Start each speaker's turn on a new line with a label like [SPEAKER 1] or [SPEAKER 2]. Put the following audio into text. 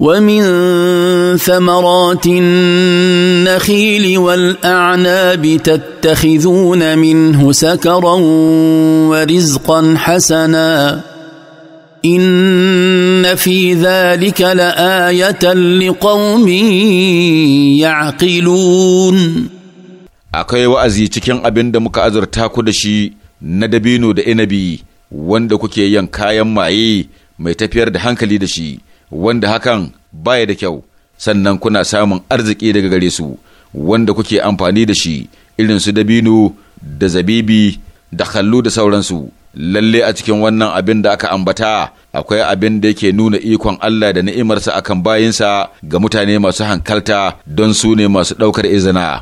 [SPEAKER 1] ومن ثمرات النخيل والاعناب تتخذون منه سكرا ورزقا حسنا ان في ذلك لايه لقوم يعقلون
[SPEAKER 2] akwai wa'azi cikin abin da muka azurta ku da shi na dabino da inabi wanda kuke yin kayan maye mai tafiyar da hankali da shi wanda hakan baya da kyau sannan kuna samun arziki daga gare su wanda kuke amfani da shi irin su dabino da zabibi da kallo da sauransu lalle a cikin wannan abin da aka ambata akwai abin da yake nuna ikon Allah da ni'imarsa akan bayinsa ga mutane masu hankalta don su ne masu ɗaukar izina